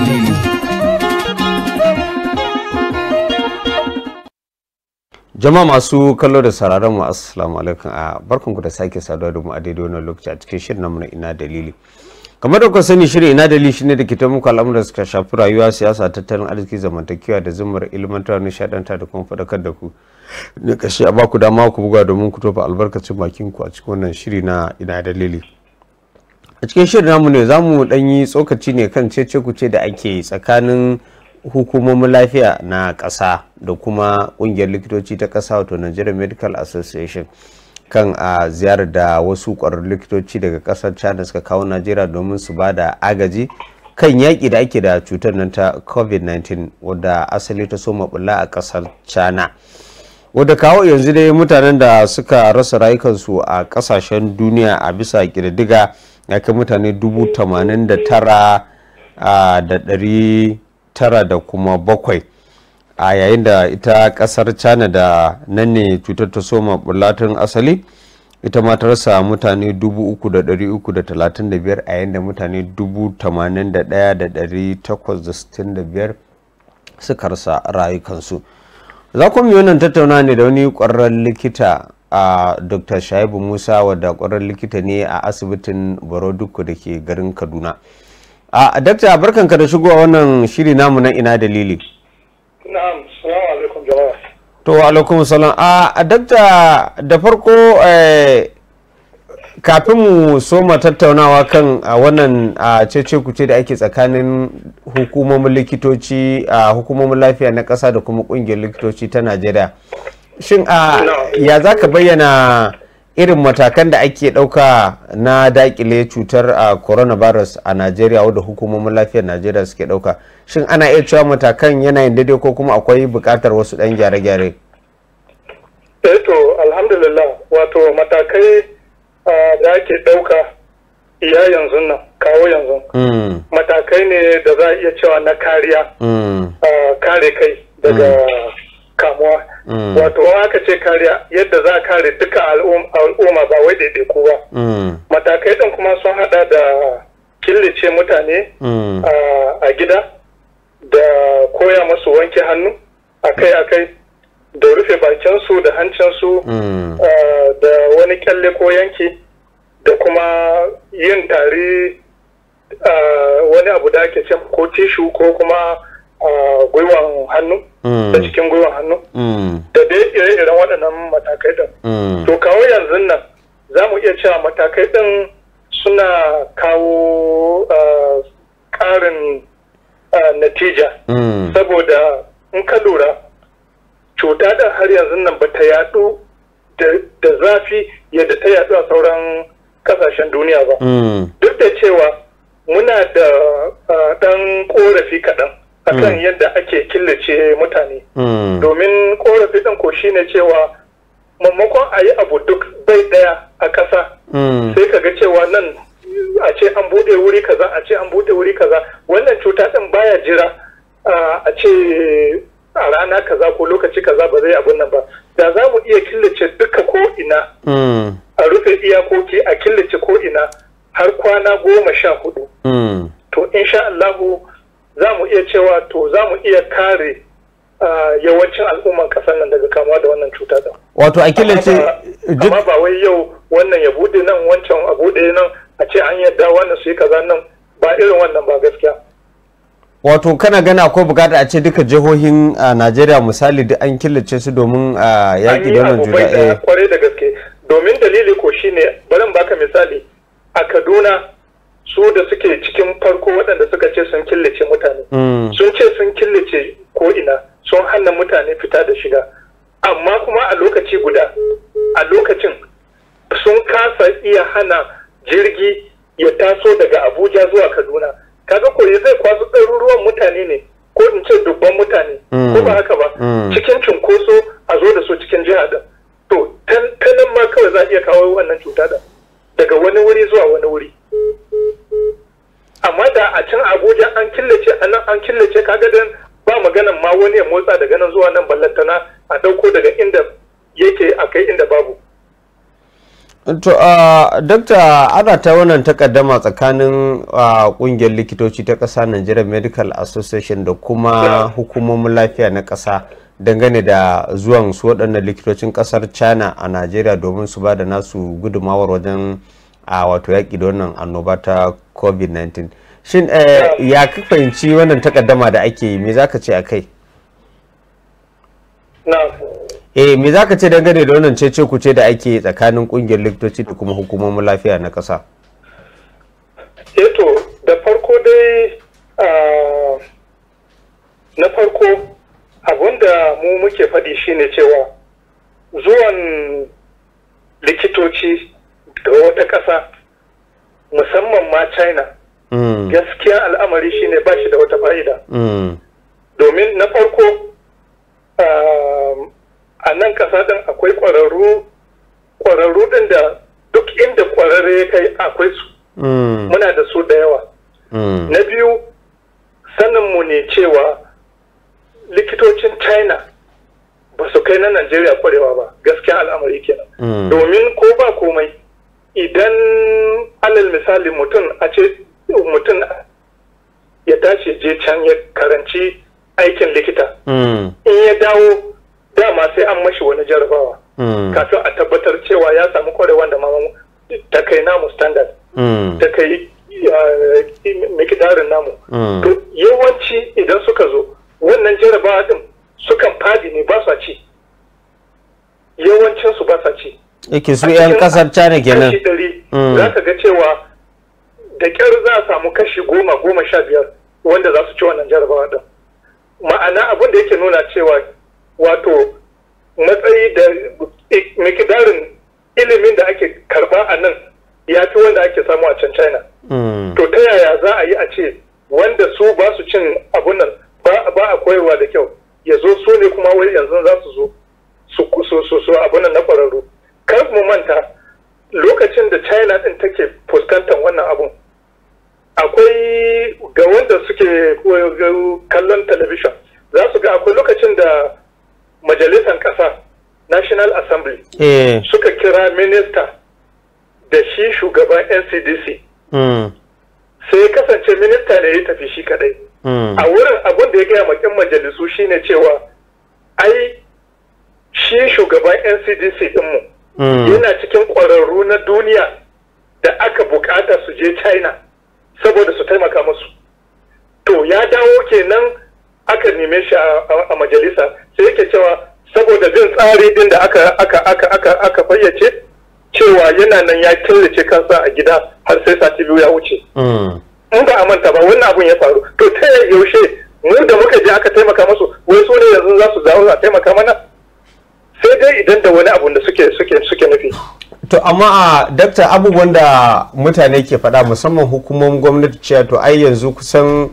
dalili jama'a masu kallo da sararin mu assalamu alaikum a barkanku da sake saduwa da mu a daidai wannan lokaci a cikin shirin namu na ina dalili kamar da ku sani shirin ina dalili shine da ke ta muku al'amuran da suka shafi rayuwa siyasa tattalin arziki zamantakewa da zumar ilmantar nishaɗanta da kuma faɗakar da ku ne kashe a baku dama ku buga domin ku tofa albarkacin bakin ku a cikin wannan shiri na ina dalili a cikin shirin namu ne za mu yi tsokaci ne kan cece-kuce da ake tsakanin hukumomin lafiya na ƙasa da kuma ƙungiyar likitoci ta ƙasa wato nigeria medical association kan a ziyarar da wasu ƙwararrun likitoci daga ƙasar china suka kawo najeriya domin su ba da agaji kan yaƙi da ake da cutar nan ta covid-19 wadda asali ta soma bulla a ƙasar china wadda kawo yanzu dai mutanen da suka rasa rayukansu a ƙasashen duniya a bisa ƙididdiga ya kai mutane dubu tamanin da tara da ɗari tara da kuma bakwai a yayin da ita ƙasar china da nan ne cutar ta soma bulatun asali ita ma ta rasa mutane 3,335 a yayin da mutane 81,865 suka rasa rayukansu za ku yi wannan tattauna ne da wani ƙwararren likita a dr shaibu musa wadda ƙwararren likita ne a asibitin barodukku da ke garin kaduna a dakta barkanka da shigowa wannan shiri namu na ina dalili na'am salamu alaikum jama'a to alaikum a dakta da farko eh, kafin mu soma tattaunawa kan wannan cece kuce da ake tsakanin hukumomin likitoci a hukumomin lafiya na ƙasa da kuma ƙungiyar likitoci ta najeriya shin a ya za ka bayyana irin matakan da ake ɗauka na dakile cutar a coronavirus a najeriya wadda hukumomin lafiyar najeriya suke ɗauka shin ana iya cewa matakan yanayin daidai ko kuma akwai buƙatar wasu ɗan gyare-gyare eto eh alhamdulillah wato matakai da ake ɗauka iya yanzu nan kawo yanzu hmm. matakai ne da za a iya cewa na kariya hmm. kare kai daga hmm. kamuwa mm. wato aka ce kariya yadda za a kare duka al'umma ba wai ku ba mm. matakai ɗin kuma sun haɗa da killace mutane mm. a gida da koya masu wanke hannu akai-akai da rufe bakinsu da hancinsu da wani kyalle ko yanki da kuma yin tari wani abu da ake ce ko tishu ko kuma gwiwan hannu ta cikin gwiwa hannu da dai ire-iren waɗannan matakai ɗin to kawo yanzu nan za mu iya cewa matakai ɗin suna kawo ƙarin natija saboda in ka lura cuta ɗin har yanzu nan ba ta yaɗu da zafi yadda ta yaɗu a sauran ƙasashen duniya ba duk da cewa muna da ɗan ƙorafi kaɗan akan hmm. yadda ake killace mutane hmm. domin korafi ɗin ko shine cewa maimakon a yi abu duk bai ɗaya a ƙasa hmm. sai ka ga cewa nan a ce an buɗe wuri kaza a ce an buɗe wuri kaza wannan cuta ɗin baya jira a ce a rana kaza ko lokaci kaza ba zai abun nan ba da za mu iya killace duka ko ina a rufe iyakoki a killace ko ina har kwana goma sha hudu to insha Allahu za mu iya cewa to za mu iya kare yawancin al'umman kasar nan daga kamuwa da wannan cuta da wato a killace amma ba wai yau wannan ya bude nan wancan a bude nan a ce an yadda wannan su yi kaza nan ba irin wannan ba gaskiya wato kana gana akwai bukatar a ce duka jihohin a najeriya misali duk an killace su domin a yaƙi da wannan cuta eh. kwarai da gaske domin dalili ko shine bari baka misali a kaduna su da suke cikin farko waɗanda suka ce sun killace mutane mm. sun ce sun killace ko ina sun hana mutane fita da shiga amma kuma a lokaci guda a lokacin sun kasa iya hana jirgi ya taso daga abuja zuwa kaduna kaga koyi zai kwasu ɗaruruwan mutane ne ko in ce dubban mutane ko mm. ba haka ba mm. cikin cunkoso a zo da su cikin jiha da to ta nan ma kawai za a iya kawo wannan cuta da daga wani wuri zuwa wani wuri amma da a can abuja an killace anan an killace kaga dan ba maganan ma wani ya motsa daga nan zuwa nan ballantana a dauko daga inda yake a kai inda babu to a dakta ana ta wannan takaddama tsakanin kungiyar likitoci ta kasa Nigeria Medical Association da kuma hukumomin lafiya na kasa dangane da zuwan su waɗannan likitocin kasar China a nigeria domin su ba da nasu gudumawar wajen a wato yaƙi da wannan annoba ta covid-19 shin eh, ya ka fahimci wannan takaddama da ake yi me za ka ce a kai eh me za ka ce dangane da wannan cece kuce da ake tsakanin ƙungiyar likitoci da kuma hukumomin lafiya na ƙasa eto eh, da farko dai na farko abinda mu muke faɗi shine cewa zuwan likitoci da wata ƙasa musamman ma china mm. gaskiya al'amari shine ba shi da wata fa'ida mm. domin na farko ah, a nan ƙasa ɗin akwai ƙwararru ƙwararru ɗin da duk inda ƙwararre ya kai akwai su mm. muna da su da yawa na biyu saninmu ne cewa likitocin china ba su kai na najeriya ƙwarewa ba gaskiya al'amari kenan domin ko ba komai idan alal misali mutum a ce mutum ya tashi je can ya karanci aikin likita hmm. in ya dawo dama sai an mashi wani jarabawa hmm. kafin a tabbatar cewa ya samu kwarewa da mamu ta kai namu standard hmm. ta kai eh, mikidarin namu to yawanci idan suka zo wannan jarabawa din sukan fadi ne ba sa ci yawancinsu ba sa ci yake su 'yan kasar china kenan mm. za ka ga cewa da kyar za a samu kashi goma goma sha biyar wanda za su ci wannan jarabawa din ma'ana abin da yake nuna cewa wato matsayi da mikidarin ilimin da ake karba a nan ya fi wanda ake samu a can china mm. to ta yaya za a yi a ce minista da shi shugaban ncdc hmm. sai kasance minista ne ya tafi shi kadai hmm. a wurin abin da ya gaya makin majalisu shine cewa ai shi shugaban ncdc dinmu hmm. yana cikin ƙwararru na duniya da aka bukata su je china saboda su taimaka musu to ya dawo kenan aka neme shi a majalisa sai yake cewa saboda bin tsari din da aka aka aka aka aka fayyace cewa yana nan ya killace kansa a gida har sai sati biyu ya wuce. Mm. in ba a manta ba wannan abun ya faru. To ta yaushe mu da muka je aka taimaka musu wai su ne yanzu za su zawo a taimaka mana sai dai idan da wani abun da suke suke suke nufi. To amma a ah, dakta abubuwan da mutane ke faɗa musamman hukumomin gwamnati cewa to ai yanzu kusan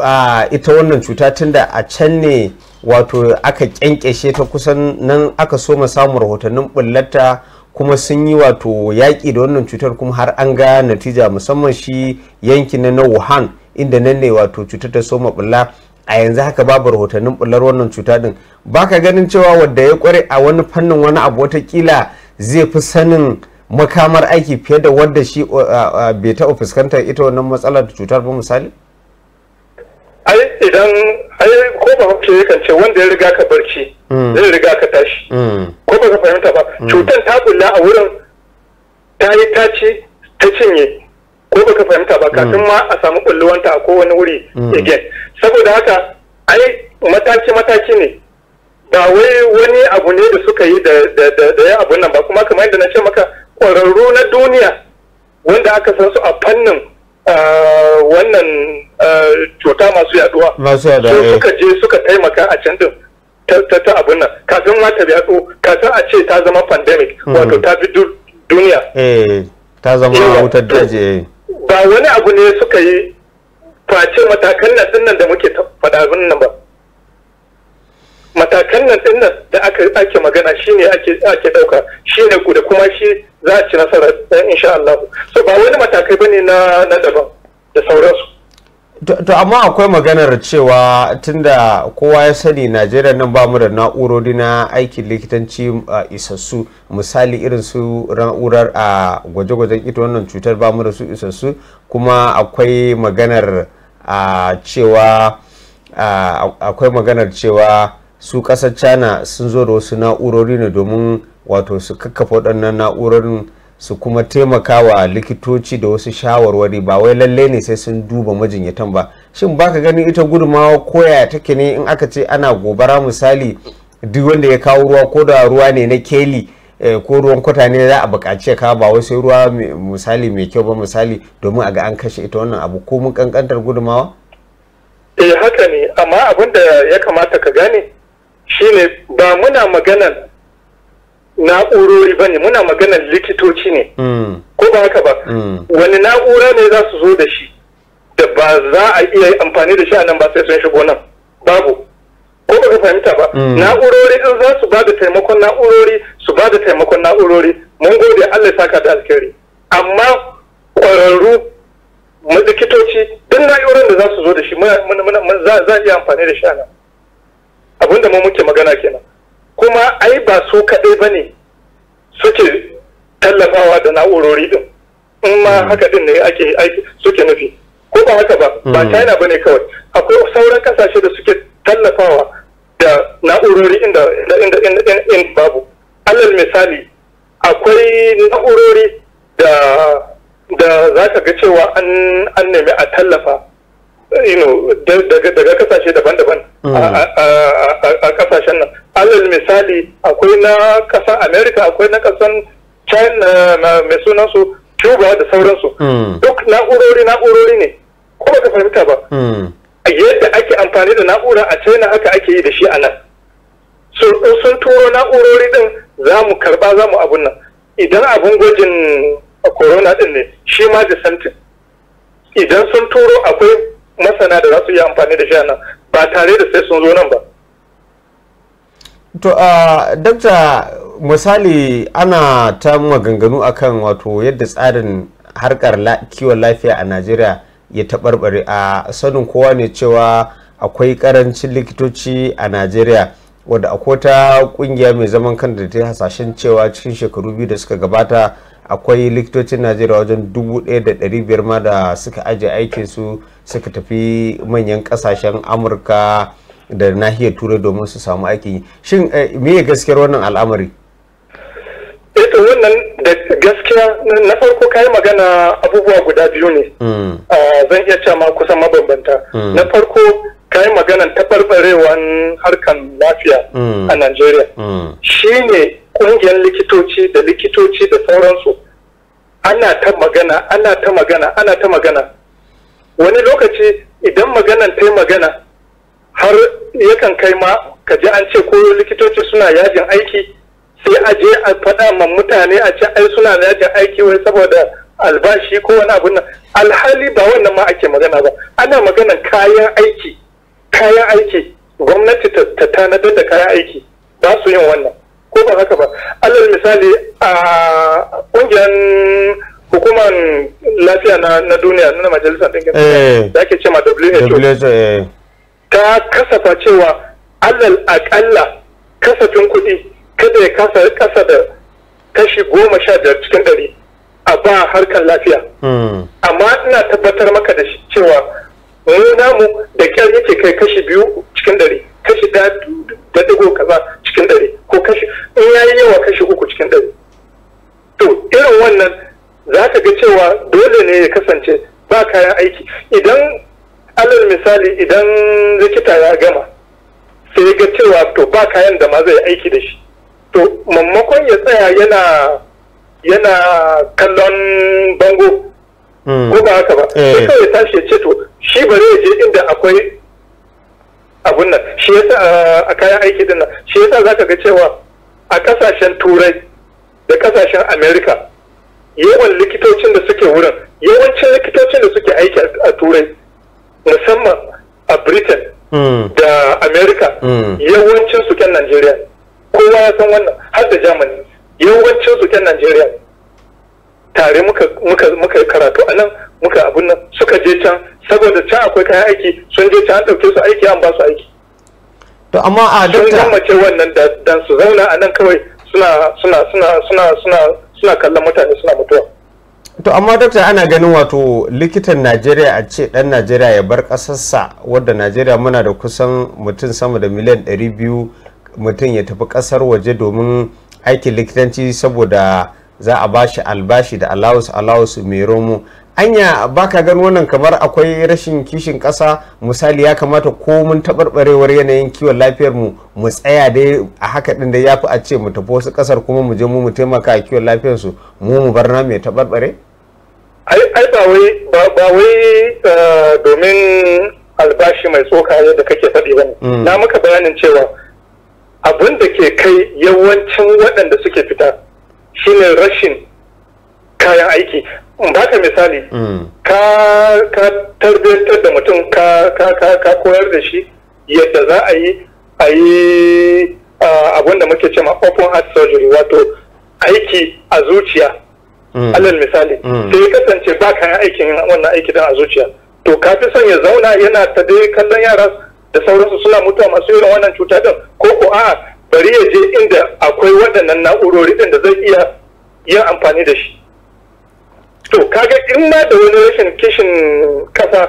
ah, ita wannan cuta tunda a can ne wato aka kyankyashe ta kusan nan aka so mu samu rahotannin bullata kuma sun yi wato yaƙi da wannan cutar kuma har an ga natija musamman shi yankin na wuhan inda nan ne wato cutar ta soma bulla a yanzu haka babu rahotannin bullar wannan cuta din ba ka ganin cewa wadda ya kware a wani fannin wani abu watakila zai fi sanin makamar aiki fiye da wadda shi bai taɓa fuskantar ita wannan matsalar cutar ba misali ai idan ai ko ba ce yakan ce wanda ya riga ka barci hmm. zai riga ka tashi hmm. ko ba ka fahimta ba hmm. cutar ta bulla a wurin ta yi ta ci ta cinye ko ba ka fahimta ba kafin ma a samu kulluwanta a kowane wuri again saboda haka ai mataki mataki ne ba wai wani abu ne da suka yi da ya abun nan ba kuma kamar yadda na ce maka ƙwararru na duniya wanda aka san su a fannin Eh, wannan eh, cuta masu yaduwa masu yaduwa eh. suka je suka taimaka a can din ta abin nan kafin ma ta yaɗo kafin a ce ta zama pandemic hmm. wato ta fi duniya ta zama wutar daji ba wani abu ne suka yi face matakan nan da muke faɗa nan ba matakan nan din da aka ake magana shine ake ake dauka shine ku da kuma shi za a ci nasara eh, insha Allah so ba wani matakai bane na na daban da sauransu to amma akwai maganar cewa tunda kowa ya sani najeriya nan ba mu da na'urori na aikin likitanci isassu misali irin su na'urar a gwaje-gwajen ita wannan cutar ba mu da su isassu kuma akwai maganar cewa akwai maganar cewa su kasar china sun zo da wasu na'urori ne domin wato su kakkafa waɗannan na'urorin su kuma taimaka wa likitoci da wasu shawarwari ba wai lallai ne sai sun duba majinyatan ba shin baka ganin ita gudunmawa koya take ne in aka ce ana gobara misali duk wanda ya kawo ruwa ko da ruwa ne na keli eh, ko ruwan kwata ne za a buƙaci ya kawo ba wai sai ruwa misali mai kyau ba misali domin a ga an kashe ita wannan abu ko mun kankantar gudumawa eh haka ne amma abin da ya kamata ka gane shine ba muna maganan na'urori ba ne muna maganan likitoci ne mm. ko ba haka ba mm. wani na'ura ne za su zo da shi da ba za a iya amfani da shi a nan ba sai sun shigo nan babu ko ba ka fahimta ba mm. na'urori in za su ba da taimakon na'urori su ba da taimakon na'urori mun gode allah saka da alkhairi amma mu likitoci duk na'urorin da za su zo da shi za a iya amfani da shi a nan abinda mu muke magana kenan kuma ai ba su kaɗai ba ne suke tallafawa da na'urori din in ma hmm. haka din ne ake suke nufi ko ba haka ba ba hmm. china ba ne kawai akwai sauran kasashe da suke tallafawa da na'urori inda babu alal misali akwai na'urori da da za ka ga cewa an nemi a tallafa daga kasashe daban-daban mm. a kasashen nan alal misali akwai na kasar america akwai na kasar china mai sunansu cuba da sauransu mm. duk na'urori na'urori ne ko baka fahimta ba mm. yadda ake amfani da na'ura a china haka ake yi da shi a nan sun turo na'urori din za mu karba za mu abun nan idan abun gwajin corona din ne shi ma da idan sun turo akwai masana da za su yi amfani da shi nan ba tare da sai sun zo nan ba to a dakta misali ana ta maganganu a kan wato yadda tsarin harkar kiwon lafiya a najeriya ya taɓarɓare a sanin kowa ne cewa akwai ƙarancin likitoci a najeriya wadda akwai ta ƙungiya mai zaman kanta da ta yi hasashen cewa cikin shekaru biyu da suka gabata akwai likitocin najeriya wajen dubu ɗaya da ɗari biyar ma da suka aje aikin su suka tafi manyan ƙasashen amurka da nahiyar turai domin su samu aikin shin eh, me gaskiyar wannan al'amari ita eh, wannan da gaskiya na farko kayi magana abubuwa guda biyu ne mm. ah, zan iya cewa kusan mabambanta mm. na farko Kai magana maganan taɓarɓarewan harkan lafiya mm. a Najeriya. Mm. Shi ne ƙungiyar likitoci da likitoci da sauransu. Ana ta magana, ana ta magana, ana ta magana. Wani lokaci idan maganan ta magana har yakan kai ma ka ji an ce ko likitoci suna yajin aiki sai a je a faɗa ma mutane a ce ai suna yajin aiki wai saboda albashi ko wani abun nan alhali ba wannan ma ake magana ba ana maganan kayan aiki kayan aiki gwamnati ta tanadar da kayan aiki ba su yin wannan ko ba haka ba alal misali a ƙungiyar hukumar lafiya na duniya na majalisar ɗinkin eh. da ake cema WHO eh. ta kasafa cewa alal aƙalla kasafin kuɗi kada ya kasa ƙasa da kashi goma sha biyar cikin ɗari a ba harkar lafiya hmm. amma ina tabbatar maka da cewa mu eh, namu da kyar yake kai kashi biyu cikin dare kashi da dago kaza cikin dare ko kashi in yayi yawa kashi uku cikin dare to irin wannan za ka ga cewa dole ne ya kasance ba kayan aiki idan alal misali idan likita ya gama sai ya ga cewa to ba kayan da ma zai aiki da shi to mammakon ya tsaya yana yana kallon bango hmm. ko ba haka ba sai eh. kawai tashi ya ce to shi ba zai je inda akwai abun nan shi yasa uh, a kayan aiki din nan shi yasa ka ga cewa a kasashen turai da kasashen america yawan likitocin da suke wurin yawancin likitocin da suke aiki a turai musamman a britain hmm. da america hmm. yawancin su kyan nigeria kowa ya san wannan har da germany yawancin su kyan nigeria tare muka karatu a nan muka abun nan suka je can saboda can akwai kayan aiki sun je can an ɗauke su aiki an ba su aiki to amma a duk sun gammace wannan dan su zauna a nan kawai suna suna suna suna suna suna kallon mutane suna mutuwa to amma dokta ana ganin wato likitan najeriya a ce dan najeriya ya bar kasarsa wadda najeriya muna da kusan mutum sama da miliyan ɗari biyu mutum ya tafi kasar waje domin aikin likitanci saboda za a bashi albashi da allowance allowance mai romo anya baka gan wannan kamar akwai rashin kishin ƙasa misali ya kamata ko mun taɓarɓarewar yanayin kiwon lafiyar mu mu tsaya dai a haka din da ya fi a ce mu tafi wasu ƙasar kuma mu je mu mu taimaka a kiwon lafiyar su mu mu bar mai taɓarɓare? ai ba wai ba wai eh, domin albashi mai tsoka da kake faɗi ba mm. na maka bayanin cewa abin da ke kai yawancin waɗanda suke fita shine rashin kayan aiki baka misali ka ka da mutum ka koyar da shi yadda za a yi a yi abin da muke cewa open heart surgery wato aiki a zuciya mm. alal misali mm. sai kasance ba kayan aikin wannan aiki don a zuciya to ka fi son ya zauna yana ta dai kallon yara da sauransu suna mutuwa masu irin wannan cuta din ko ko a'a bari ya je inda akwai waɗannan na'urori din da zai iya yin amfani da shi to kaga in ma da wani rashin kishin kasa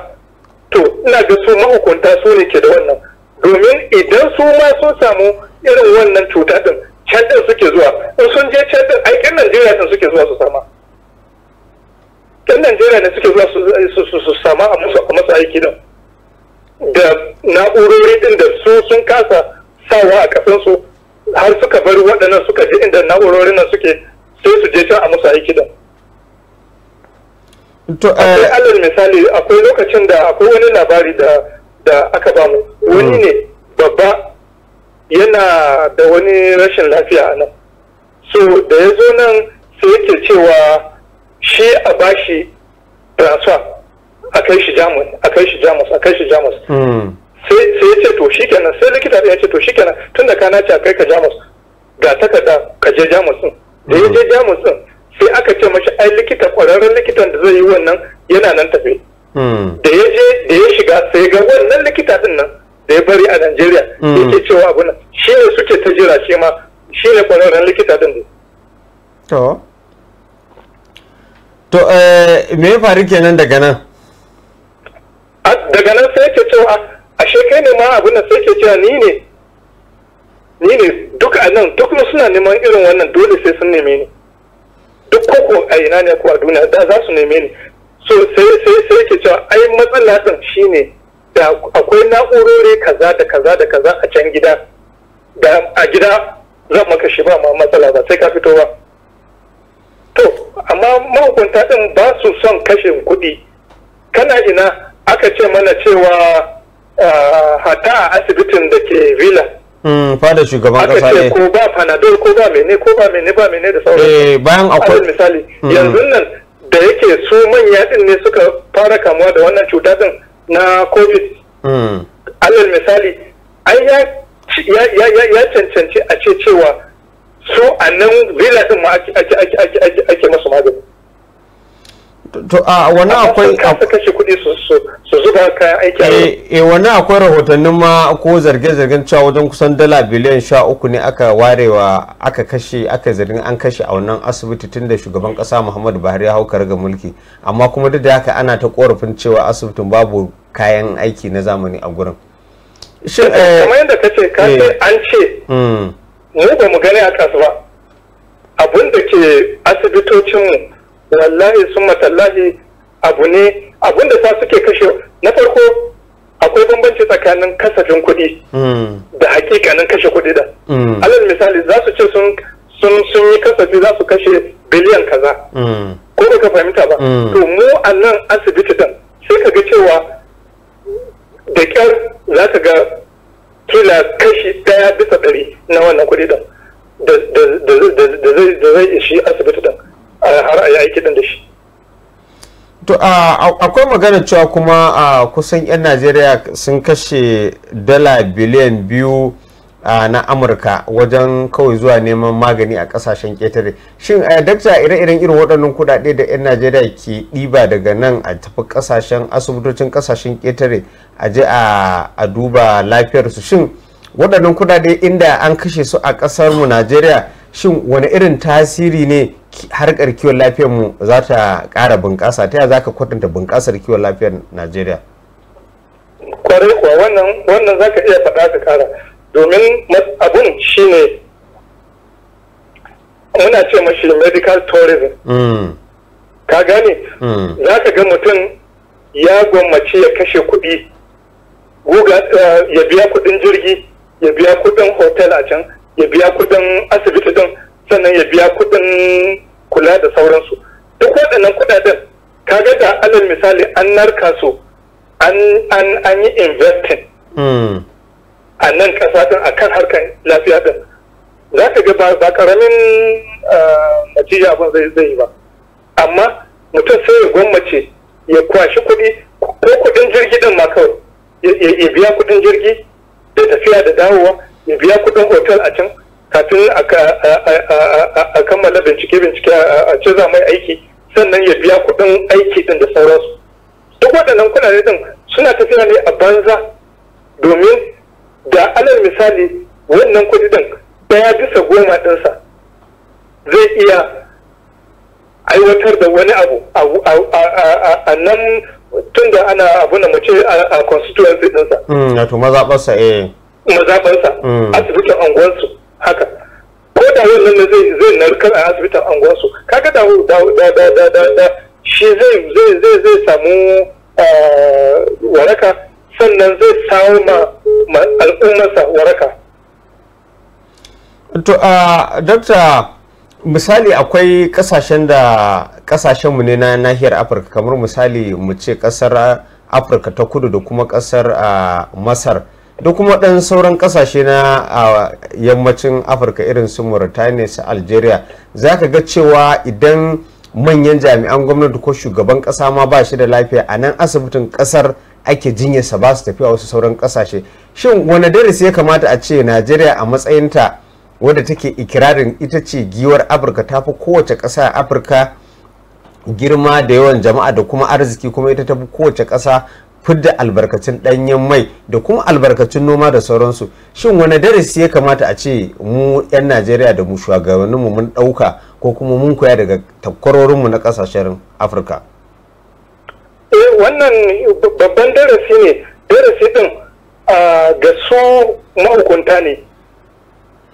to ina ga su mahukunta su ne ke da wannan domin idan su ma sun samu irin wannan cuta din can din suke zuwa in sun je can din ai kan Najeriya din suke zuwa su sama kan Najeriya ne suke zuwa su sama a musu aiki din da na'urori din da su sun kasa sawa a su har suka bar waɗannan suka je inda na'urorin nan suke sai su je can a musu aiki din akwai eh, alal misali akwai lokacin da akwai wani labari da aka bamu wani hmm. ne babba yana da wani rashin lafiya a nan so da ya zo nan sai yake cewa shi a bashi transfer a kai shi jamus a kai shi jamus a kai shi jamus hmm. sai ya ce to shi kenan sai likita ya ce to shi kenan tun da kana ce a kai ka jamus ga takarda ka je jamus din da ya hmm. je jamus din sai aka ce mashi ai likita kwararren likitan da zai yi wannan yana nan tafe hmm. da ya je da ya shiga sai ga wannan likita din nan da ya bari a Najeriya hmm. yake cewa abu nan shi ne suke ta jira shi ma shi ne kwararren likita din to to eh, me ya faru kenan daga nan daga nan sai ke cewa ashe kai ne ma abin nan sai ke cewa ni ne ni ne duk a nan duk suna neman irin wannan dole sai sun neme ni duk koko a ina ne ko a duniya da za su neme ni so sai sai sai ke cewa ai matsala din shine da akwai na'urori kaza da kaza da kaza a can gida da a gida zan maka shi ba ma matsala ba sai ka fito ba to amma mahukunta din ba su son kashe kuɗi kana ina aka ce mana cewa ah, hata a asibitin da ke villa Hmm, fada shugaban kasa ne ko ba panadol ko ba mene ko ba mene ba mene da sauran eh bayan akwai misali hmm. yanzu nan da yake su manya din ne suka fara kamuwa da wannan cuta din na covid hmm. alal misali ai ya cancanci a ce cewa so a nan vila din ma ake masu magani to a wani akwai kasu kashe kuɗi su zuba kayan aiki eh, eh wani akwai rahotannin ma ko zarge-zargen cewa wajen kusan dala biliyan sha uku ne aka warewa aka kashe aka zargin an kashe a wannan asibiti tun da shugaban kasa muhammadu buhari ya hau ga mulki amma kuma duk da haka ana ta korafin cewa asibitin babu kayan aiki na zamani a gurin shin kamar eh, yadda ka ce ka eh. an ce hmm. mu ba mu gani a kasu ba abin da ke asibitocinmu wallahi sun matallahi abu ne da sa suke kashe na farko akwai bambanci tsakanin kasafin kuɗi hmm. da hakikanin kashe kuɗi da hmm. alal misali za su ce sun yi kasafi za su kashe biliyan kaza hmm. ko ka fahimta ba to mu a nan asibiti dan sai ka ga cewa da kyar za ka ga kila kashi ɗaya bisa ɗari na wannan kuɗi da. da zai ishi asibiti da. har a yi aiki da shi to akwai magana cewa kuma a kusan 'yan najeriya sun kashe dala biliyan biyu na amurka wajen kawai zuwa neman magani a kasashen ketare shin a dakta ire-iren irin waɗannan kuɗaɗe da 'yan najeriya ke ɗiba daga nan a tafi kasashen asibitocin kasashen ketare a je a duba lafiyarsu shin waɗannan kuɗaɗe inda an kashe su a ƙasarmu najeriya shin wani irin tasiri ne harkar kiwon lafiyar mu za ta ƙara bunƙasa ta yaya za ka kwatanta bunƙasar kiwon lafiyar najeriya kwarai kuwa wannan wannan za ka iya faɗa ka ƙara domin abun shine muna ce mashi medical tourism mm. ka gane mm. za ka ga mutum ya gwammace ya kashe kuɗi eh, ya biya kuɗin jirgi ya biya kuɗin hotel a can ya biya kuɗin asibiti din sannan ya biya kuɗin kula da sauransu duk waɗannan kuɗaɗen kaga da alal misali an narka su an yi investing hmm. a nan ƙasa ɗin a kan harkar lafiya ɗin za ka ga ba ƙaramin ah, natija abin zai yi ba amma mutum sai ya gwammace ya kwashi kuɗi ko kuɗin jirgi ɗin ma kawai ya biya kuɗin jirgi da tafiya da dawowa ya biya kuɗin hotel a can kafin a kammala bincike-bincike a ce za mai aiki sannan ya biya kuɗin aiki din da sauransu duk waɗannan kuɗaɗe din suna tafiya ne a banza domin da alal misali wannan kuɗi din ɗaya bisa goma ɗinsa zai iya aiwatar da wani abu a nan tun da ana abu na mace a constituency ɗinsa. Mm, wato mazaɓarsa eh. Mazaɓarsa mm. asibitin unguwarsu. haka ko da wannan ne zai zai narkar a asibitin anguwa su kaga da da da da da shi zai zai zai zai samu ah, waraka sannan zai samu ma al'ummarsa waraka to a ah, dokta misali akwai kasashen da kasashenmu ne na nahiyar afirka kamar misali mu ce kasar afirka ta kudu da kuma kasar ah, masar da kuma ɗan sauran ƙasashe na a yammacin afirka irin su mauritania su algeria za ka ga cewa idan manyan jami'an gwamnati ko shugaban ƙasa ma ba shi da lafiya a nan asibitin ƙasar ake jinyarsa ba su tafiya wasu sauran ƙasashe shin wani darasi ya kamata a ce najeriya a matsayinta wadda take ikirarin ita ce giwar afirka ta fi kowace ƙasa a afirka girma da yawan jama'a da kuma arziki kuma ita ta fi kowace ƙasa fidda albarkacin ɗanyen mai da kuma albarkacin noma da sauransu shin wani darasi ya kamata a ce mu 'yan najeriya da mu shugabanninmu mun ɗauka ko kuma mun koya daga takwarorinmu na ƙasashen afirka eh, wannan babban darasi ne darasi ɗin ga su mahukunta ne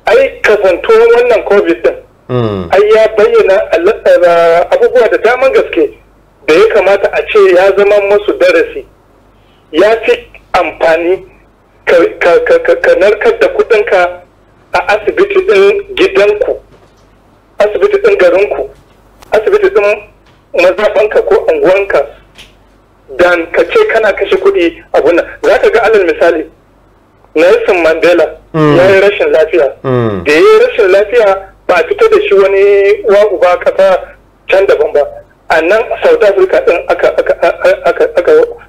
ai kasanto wannan covid ɗin hmm. ai ya bayyana abubuwa da daman gaske da ya kamata a ce ya zama masu darasi ya fi amfani ka narkar da kudinka a asibiti ɗin gidanku asibiti ɗin garinku asibiti ɗin mazaɓanka ko unguwanka dan ka ce kana kashe kuɗi abun nan za ka ga alal misali Nelson Mandela mm. ya yi rashin lafiya mm. da ya yi rashin lafiya ba a fito da shi wani wa uba kasa can daban ba a nan south africa din aka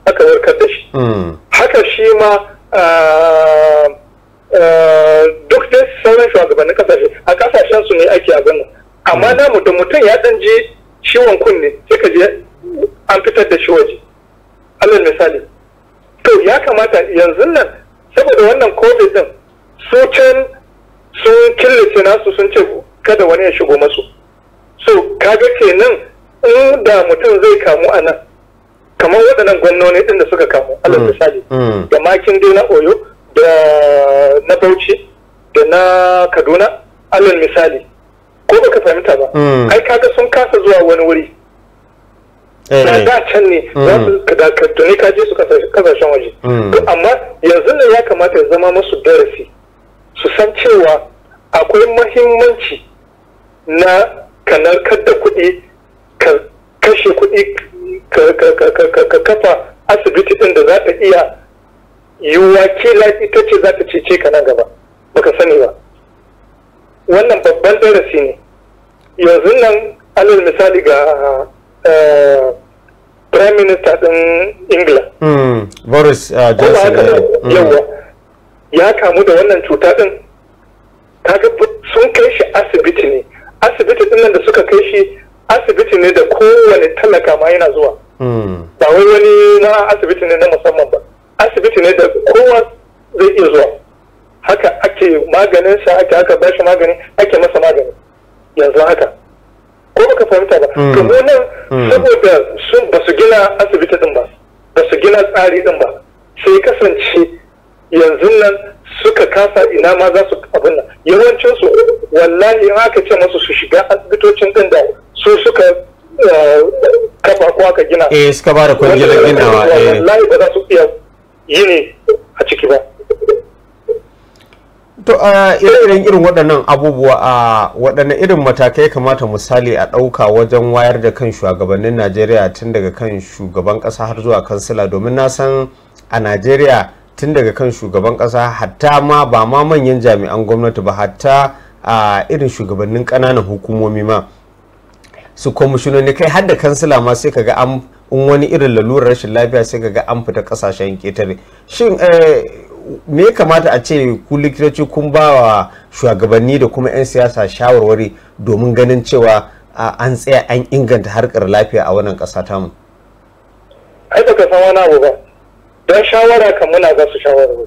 warkar da shi hmm. haka shi ma ah, ah, duk da sauran shugabannin kasashe a kasashen su ne ake abin nan amma hmm. na mutum mutum ya dan je ciwon kunne sai ka je an fitar da shi waje alal misali to ya kamata yanzu nan saboda wannan covid din su can sun killace nasu sun ce kada wani ya shigo masu so kaga kenan in da mutum zai kamu a nan kamar waɗannan gwannoni ɗin da suka kamu alal mm, misali mm. da makin dai na oyo da na bauchi da na kaduna alal misali ko baka fahimta ba mm. ai kaga sun kasa zuwa wani wuri na eh. da can ne za su da kaduna ka je su kasashen waje amma yanzu ne ya kamata ya zama masu darasi su san cewa akwai mahimmanci na kanar da kuɗi ka kashe kuɗi ka kafa asibiti ɗin da za ta iya yiwuwa kila ita ce za ta cece ka nan gaba baka sani ba wannan babban darasi ne yanzu nan alal misali ga eh, prime minister ɗin ingila hmm, boris uh, johnson hmm. ya kamu da wannan cuta ɗin kaga sun kai shi asibiti ne asibiti ɗin nan da suka kai shi asibiti ne da kowane talaka ma yana zuwa hmm. ba wai wani na asibiti ne na musamman ba asibiti ne da kowa zai iya zuwa haka ake maganin sa ake aka ba shi magani ake masa magani yanzu haka ko baka fahimta ba to hmm. nan hmm. saboda sun ba su gina asibiti din ba ba su gina tsari din ba sai kasance yanzu nan suka kasa ina ma za su abin nan yawancin su wallahi in aka ce masu su shiga asibitocin din da su suka eh, kafa ko aka gina eh suka ba da kwangilar ginawa eh lai ba za su iya yi ne a ciki ba to a irin irin waɗannan abubuwa a waɗannan irin matakai kamata misali a ɗauka wajen wayar da kan shugabannin najeriya tun daga kan shugaban ƙasa har zuwa kansila domin na san a najeriya tun daga kan shugaban ƙasa hatta ma ba ma manyan jami'an gwamnati ba hatta a irin shugabannin ƙananan hukumomi ma su kwamishinoni kai har da kansila ma sai kaga an in wani irin lalurar rashin lafiya sai kaga an fita kasashen ketare shin eh, me ya kamata a ce ku likitoci kun ba wa shugabanni da kuma 'yan siyasa shawarwari domin ganin cewa an tsaya an inganta harkar lafiya a wannan ƙasa tamu ai baka san wani abu ba don shawara kan muna za su shawarwari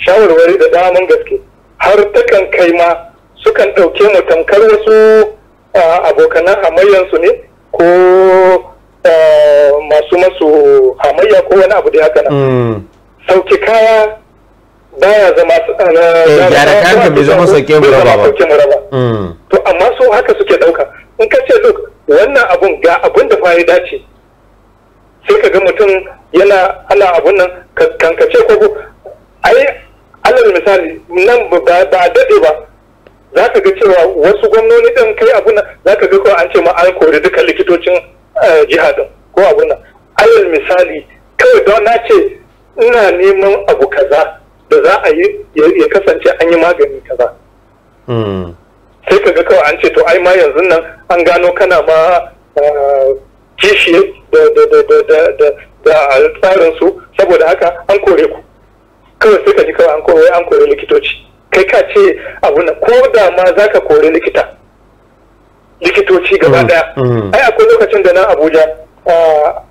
shawarwari da damun gaske har takan kai ma sukan ɗauke mu tamkar wasu abokanan hamayyansu ne ko masu masu hamayya ko wani abu da ya nan hmm. sauke kaya baya zama eh, eh, gyara kayan ka bai zama sauke mu ba hmm. to amma su haka suke dauka in ka ce duk wannan abun ga abun da fa dace sai ka ga mutum yana ana abun nan kankace ko ai alal misali nan ba a daɗe ba za ka ga cewa wasu gwamnoni ɗin kai abu na, za ka ga kawai an ce ma an kori duka likitocin eh, jiha ɗin ko abu na alal misali kawai don na ce ina neman abu kaza da za a yi ya kasance an yi magani kaza hmm. sai ka ga kawai an ce to ai ma yanzu nan an gano kana ma eh, kishi da tsarin su saboda haka an kore ku kawai sai ka ji kawai an kore likitoci kai ka ce abu na ko da ma za ka kori likita likitoci gaba mm, daya mm. ai akwai lokacin da na abuja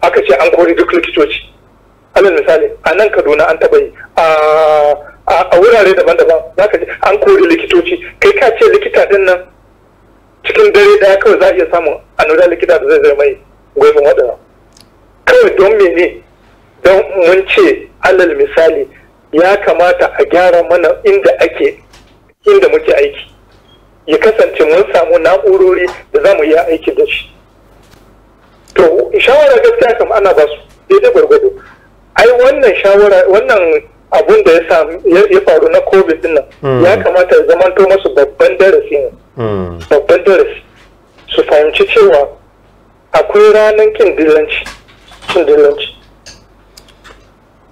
aka ce an kori duk likitoci alal misali a nan kaduna an taɓa yi a wurare daban-daban za ka ce an kori likitoci kai ka ce likita din nan cikin dare daya kawai za a iya samun annoda likita da zai zama mai gwaifin waɗanda kawai don mene don mun ce alal misali ya kamata a gyara mana inda ake inda muke aiki ya kasance mun samu na'urori da za mu iya aiki da shi to shawara gaskiya kam ana ba su daidai gwargwado ai wannan shawara wannan abun da ya faru na covid nan hmm. ya kamata ya to masu babban darasi ne hmm. babban darasi su fahimci cewa akwai ranar kin dillanci dillanci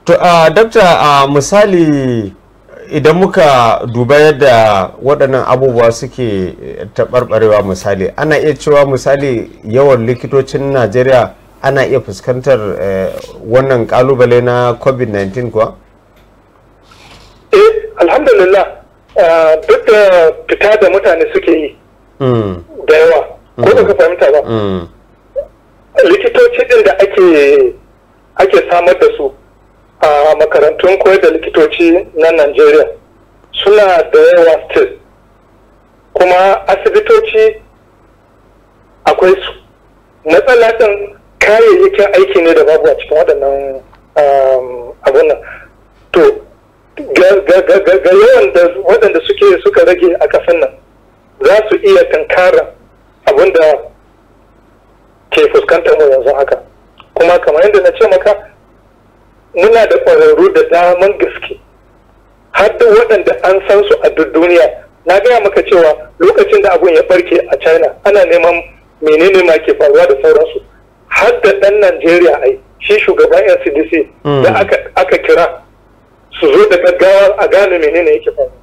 to uh, dakta uh, misali idan muka duba yadda waɗannan abubuwa suke taɓarɓarewa misali ana iya cewa misali yawan likitocin najeriya ana iya fuskantar uh, wannan kalubale na covid-19 kuwa? eh alhamdulillah duk da fita da mutane suke yi hmm. da yawa ko da ka hmm. fahimta ba mm. likitocin da ake samar da su a makarantun koyar da likitoci na Najeriya suna da yawa still kuma asibitoci akwai su matsala ɗin kayayyakin aiki ne da babu a cikin waɗannan um, abunan to ga yawan da waɗanda suke suka rage a kasan nan za su iya tankara abin da ke fuskantar mu yanzu haka kuma kamar yadda na ce maka muna da ƙwararru da daman gaske har waɗanda an san su a duk duniya na gaya maka cewa lokacin da abun ya barke a china ana neman menene ma ke faruwa da sauransu har da ɗan najeriya ai shi shugaban ncdc mm. da aka kira su zo da gaggawa a gane menene yake faruwa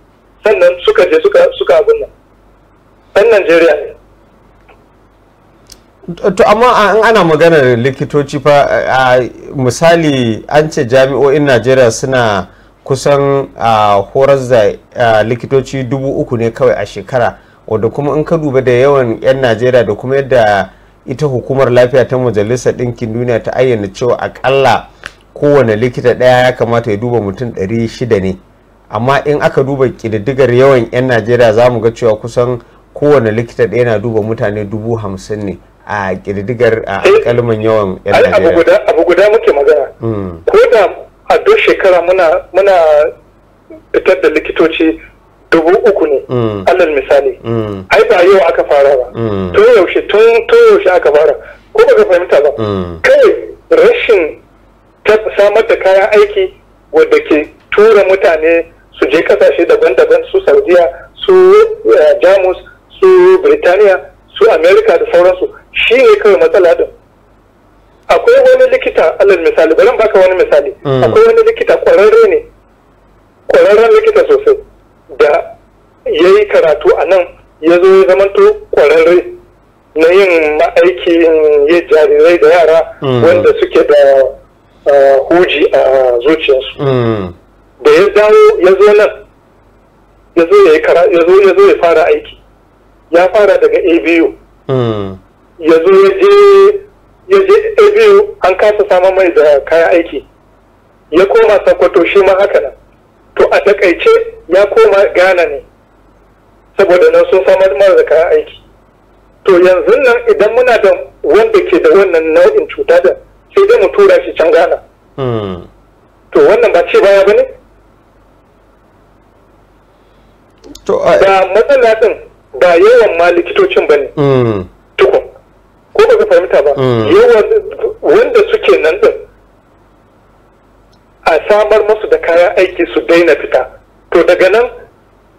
sannan suka je suka abin nan ɗan najeriya ne to amma an ana maganar likitoci fa a misali an ce jami'o'in najeriya suna kusan horar da likitoci dubu uku ne kawai a shekara wadda kuma in ka duba da yawan 'yan najeriya da kuma yadda ita hukumar lafiya ta majalisa ɗinkin duniya ta ayyana cewa akalla kowane likita ɗaya ya kamata ya duba mutum 600 ne amma in aka duba ƙididdigar yawan 'yan najeriya za mu ga cewa kusan kowane likita ɗaya na duba mutane dubu hamsin ne a kididigar a kalmar yawan 'yan Najeriya. Abu guda muke magana. Hmm. Ko da a duk shekara muna muna fitar da likitoci dubu uku ne hmm. alal misali hmm. ai ba yau aka fara ba to yaushe to yaushe aka fara ko ba ka fahimta ba Kai rashin samar da kayan aiki wadda ke tura mutane su je kasashe daban-daban su saudiya su eh, jamus su birtaniya su amerika da sauransu shi ne kawai matsala din akwai wani likita alal misali bari baka wani misali mm. akwai wani likita kwararre ne kwararren likita sosai da ya yi karatu a nan ya zo ya zamanto kwararre na yin ma'aiki yi jarirai da yara mm. wanda suke da huji a zuciyarsu mm. da ya dawo ya zo nan ya zo ya fara aiki ya fara daga abu ya zo ya je ya an kasa samun mai da kayan aiki ya koma sokoto shi ma haka nan to a takaice ya koma ghana ne saboda nan sun samar mara da kayan aiki to yanzu nan idan muna da wanda ke da wannan nau'in cuta da sai dai mu tura shi can ghana hmm. to wannan ba ce baya ba ne Ba matsala din ba yawan ma likitocin ba ne hmm. tukun ko ba ka fahimta ba mm. yawan wanda suke nan din a samar musu da kayan aiki su daina fita to daga nan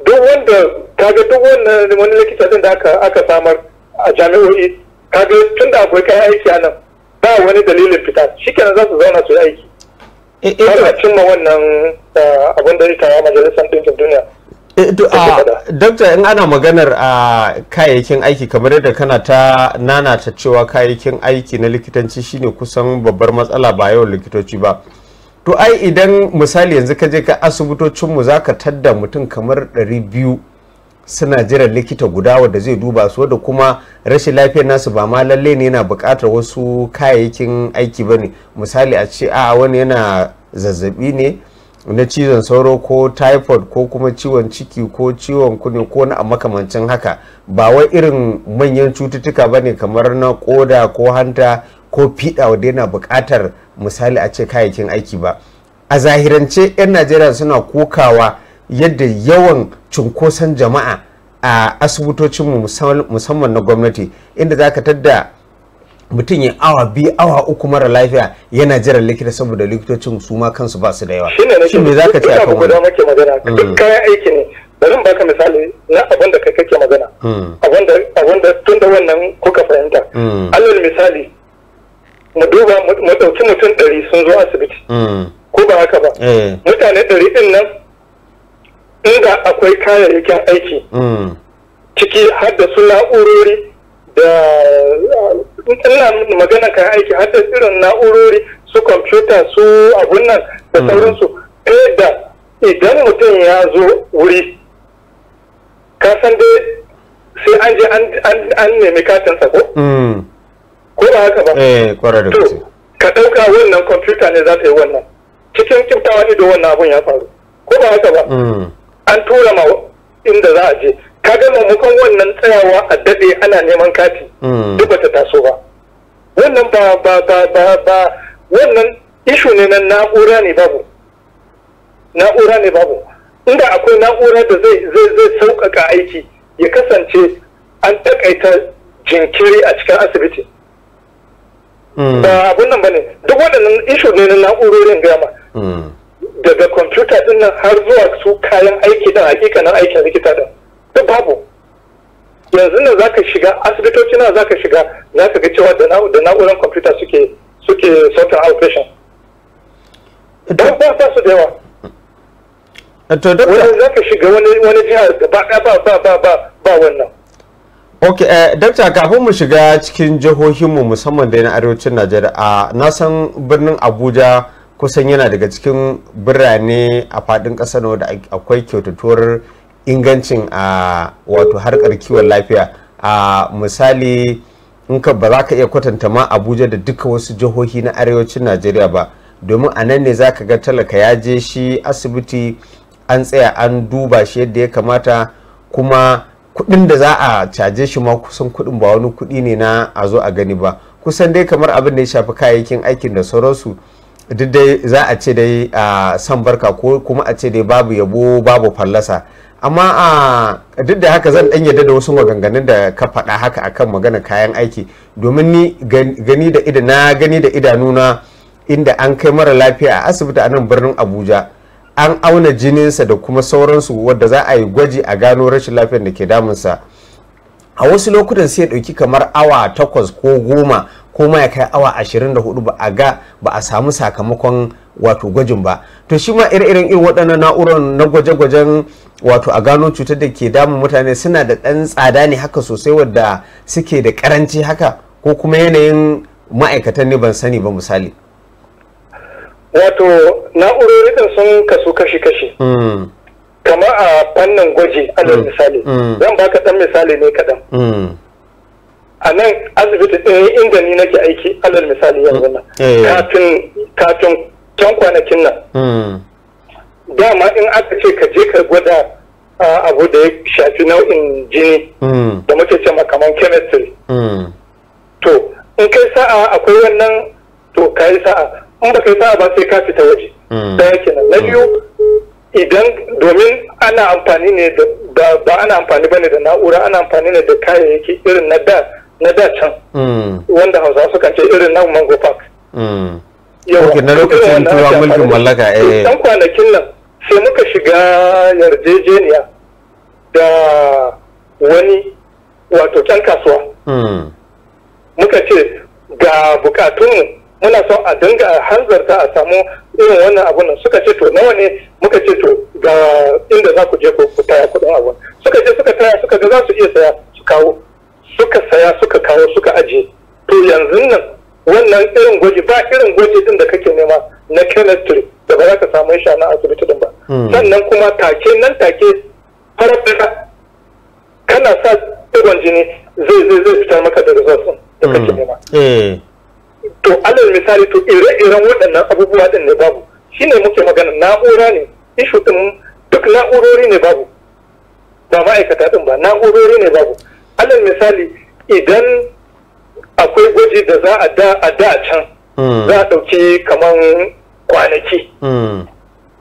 duk wanda kaga duk wannan wani likita din da aka aka samar a jami'o'i kaga tun da akwai kayan aiki a nan ba wani dalilin fita shikenan za su zauna su yi aiki har eh, eh, eh. cimma wannan abin da ita majalisar ɗinkin duniya Eh, ah, Dokta in ana maganar a ah, kayayyakin aiki kamar yadda kana ta nanata cewa kayayyakin aiki na likitanci shine kusan babbar matsala ba yawan likitoci ba. To ai idan misali yanzu ka je ka asibitocinmu za ka tadda mutum kamar 200 suna jiran likita guda wadda zai duba su wadda kuma rashin lafiyar nasu ba ma lalle ne yana buƙatar wasu kayayyakin aiki ba ne misali a ce a wani yana zazzabi ne na cizon sauro ko typhoid ko kuma ciwon ciki ko ciwon kunne ko na makamancin haka ba wai irin manyan cututtuka ba ne kamar na koda ko hanta ko fiɗa wadda yana buƙatar misali a ce kayayyakin aiki ba a zahirance 'yan najeriya suna kokawa yadda yawan cunkoson jama'a a asibitocinmu musamman na gwamnati inda za ka tadda mutum ya awa biyu awa uku mara lafiya yana jiran likita saboda likitocin su ma kansu ba su da yawa shin me zaka ce a kan wani duk mm. kayan aiki ne bari baka misali na abin da kai kake magana mm. abin da tun da wannan kuka fahimta mm. alal misali mu duba mu dauki mutum ɗari sun zo asibiti ko ba haka ba eh. mutane ɗari din nan inda akwai kayayyakin aiki ciki har da su na'urori da ina magana kan aiki har da irin na'urori su kwamfuta su abun nan da mm. sauransu ta eh, yadda idan mutum ya zo wuri ka san dai sai an je an nemi katinsa ko? Mm. ko ba haka ba? eh kwarar ka ɗauka wannan kwamfuta ne za ta yi wannan cikin kimtawa ido wannan abun ya faru ko ba haka ba? Mm. an tura ma inda za a je Ka ga maimakon wannan tsayawa a daɗe ana neman kati hmm. duk ba ta taso ba wannan ba ba ba ba ba wannan ishu ne na na'ura ne babu na'ura ne babu inda akwai na'ura da zai zai zai sauƙaƙa aiki ya kasance an takaita jinkiri a cikin asibiti hmm. ba abun nan bane duk waɗannan ishu ne na na'urorin gama hmm. daga kwamfuta ɗin nan har zuwa su kayan aiki ɗin hakikanin aikin likita ɗin duk babu yanzu nan zaka shiga asibitoci na zaka shiga ka ga cewa da na'urar kwamfuta suke suke sautin outpatient don ba ba su da yawa wani zaka shiga wani jihar gaba ɗaya ba ba ba ba ba wannan ok eh, dakta kafin mu shiga cikin jihohinmu musamman da na arewacin najeriya a na san birnin abuja kusan yana daga cikin birane a faɗin kasano da akwai kyautatuwar ingancin a wato harkar kiwon lafiya a misali in ka ba za ka iya kwatanta ma abuja da duka wasu jihohi na arewacin najeriya ba domin a nan ne za ka ga talaka ya je shi asibiti an tsaya an duba shi yadda ya kamata kuma kuɗin da za a caje shi ma kusan kuɗin ba wani kuɗi ne na a zo a gani ba kusan dai kamar abin da ya shafi kayayyakin aikin da sauransu duk dai za a ce dai a san barka ko kuma a ce dai babu yabo babu fallasa amma a duk da haka zan dan yadda da wasu maganganun da ka faɗa haka akan magana kayan aiki domin ni gani da ida na gani da idanuna inda an kai mara lafiya a asibiti a nan birnin abuja an auna jininsa da kuma sauransu wadda za a yi gwaji a gano rashin lafiyar da ke damunsa a wasu lokutan sai ya ɗauki kamar awa takwas ko goma ko ma ya kai awa 24 ba a ga ba a samu sakamakon wato gwajin ba to shi ma ire-iren irin waɗannan na'urar na gwaje-gwajen wato a gano cutar da ke damun mutane suna da ɗan tsada ne haka sosai wadda suke da ƙaranci haka ko kuma yanayin ma'aikatan ne ban sani ba misali wato na'urori ɗin sun kasu kashi-kashi mm. kamar a fannin gwaji alal mm. misali mm. zan baka ɗan misali ne kaɗan a nan asibiti ɗin eh, inda ni nake aiki alal misali yanzu na eh. kafin kafin can kwanakin nan hmm. dama in aka ce ka je ka gwada ah, abu da ya shafi nau'in jini hmm. da muke ce makaman chemistry hmm. to in kai sa'a akwai wannan to ka sa'a in ba kai sa'a ba sai ka fita waje daya kenan na biyu idan domin ana amfani ne da ba ana amfani bane da na'ura ana amfani ne da kayayyaki irin na da na da can mm. wanda hausa suka ce irin nan mango park mm. yau na lokacin turawa mulkin mallaka eh dan kwanakin nan sai muka shiga yarjejeniya da wani wato can kasuwa mm. muka ce ga bukatunmu muna son a dinga hanzarta a samu irin wannan abun nan suka ce to nawa ne muka ce to ga inda za ku je ku taya kudin abun suka je suka taya suka ga za su iya saya su kawo suka saya suka kawo suka ajiye. to yanzu nan wannan irin gwaji ba irin gwaji din da kake nema na chemistry da ba za ka samu shi na asibiti din ba hmm. sannan kuma take nan take farfara kana sa digon jini zai zai zai fitar maka da din da kake hmm. nema eh. to alal misali to ire-iren waɗannan abubuwa din ne babu shine muke magana na'ura ne ishu din duk na'urori ne babu ba ma'aikata din ba na'urori ne babu alal misali idan akwai gwaji da za a da a da can hmm. za a ɗauki kaman kwanaki hmm.